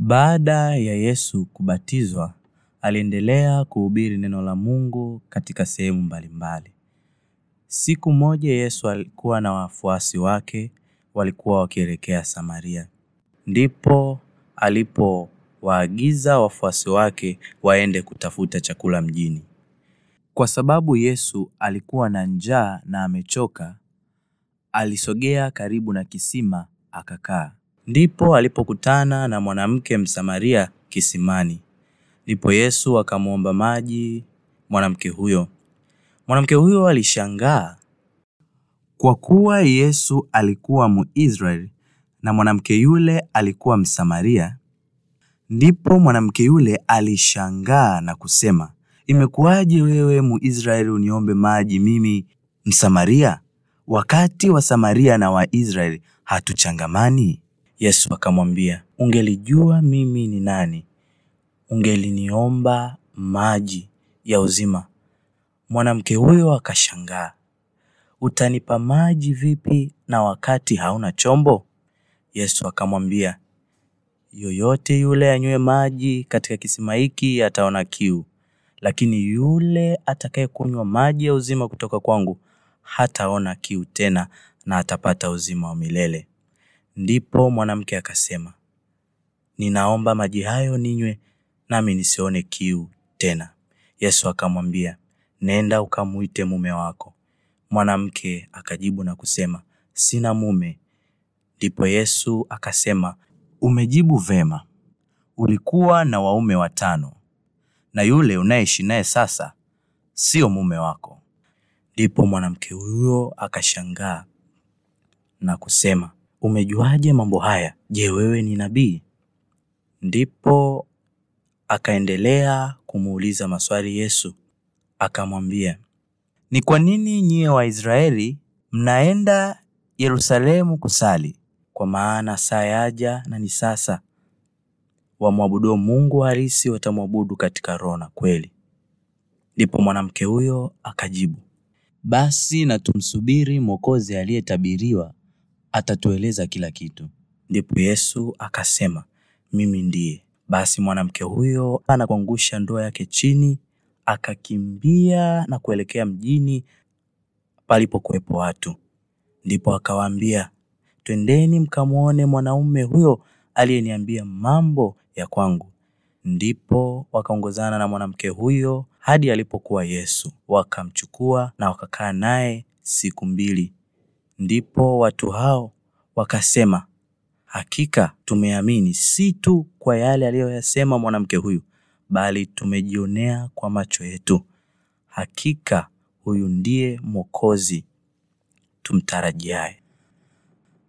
Baada ya Yesu kubatizwa, aliendelea kuhubiri neno la Mungu katika sehemu mbalimbali. Siku moja Yesu alikuwa na wafuasi wake walikuwa wakielekea Samaria. Ndipo alipowaagiza wafuasi wake waende kutafuta chakula mjini. Kwa sababu Yesu alikuwa na njaa na amechoka, alisogea karibu na kisima akakaa ndipo alipokutana na mwanamke msamaria kisimani, ndipo Yesu akamwomba maji mwanamke huyo. Mwanamke huyo alishangaa kwa kuwa Yesu alikuwa Muisraeli na mwanamke yule alikuwa Msamaria. Ndipo mwanamke yule alishangaa na kusema, imekuwaje wewe Muisraeli uniombe maji mimi Msamaria, wakati wa Samaria na Waisraeli hatuchangamani? Yesu akamwambia, ungelijua mimi ni nani, ungeliniomba maji ya uzima. Mwanamke huyo akashangaa, utanipa maji vipi na wakati hauna chombo? Yesu akamwambia, yoyote yule anywe maji katika kisima hiki ataona kiu, lakini yule atakayekunywa maji ya uzima kutoka kwangu hataona kiu tena na atapata uzima wa milele. Ndipo mwanamke akasema, ninaomba maji hayo ninywe, nami nisione kiu tena. Yesu akamwambia, nenda ukamwite mume wako. Mwanamke akajibu na kusema, sina mume. Ndipo Yesu akasema, umejibu vema. Ulikuwa na waume watano, na yule unayeishi naye sasa sio mume wako. Ndipo mwanamke huyo akashangaa na kusema, umejuaje mambo haya? Je, wewe ni nabii? Ndipo akaendelea kumuuliza maswali Yesu. Akamwambia, ni kwa nini nyie Waisraeli mnaenda Yerusalemu kusali? Kwa maana saa yaja na ni sasa, wamwabuduo Mungu halisi watamwabudu katika roho na kweli. Ndipo mwanamke huyo akajibu, basi na tumsubiri Mwokozi aliyetabiriwa atatueleza kila kitu. Ndipo Yesu akasema, mimi ndiye. Basi mwanamke huyo anakuangusha ndoa yake chini, akakimbia na kuelekea mjini palipokuwepo watu. Ndipo akawaambia, twendeni mkamwone mwanaume huyo aliyeniambia mambo ya kwangu. Ndipo wakaongozana na mwanamke huyo hadi alipokuwa Yesu, wakamchukua na wakakaa naye siku mbili. Ndipo watu hao wakasema, hakika tumeamini si tu kwa yale aliyoyasema mwanamke huyu, bali tumejionea kwa macho yetu. Hakika huyu ndiye Mwokozi tumtarajiaye.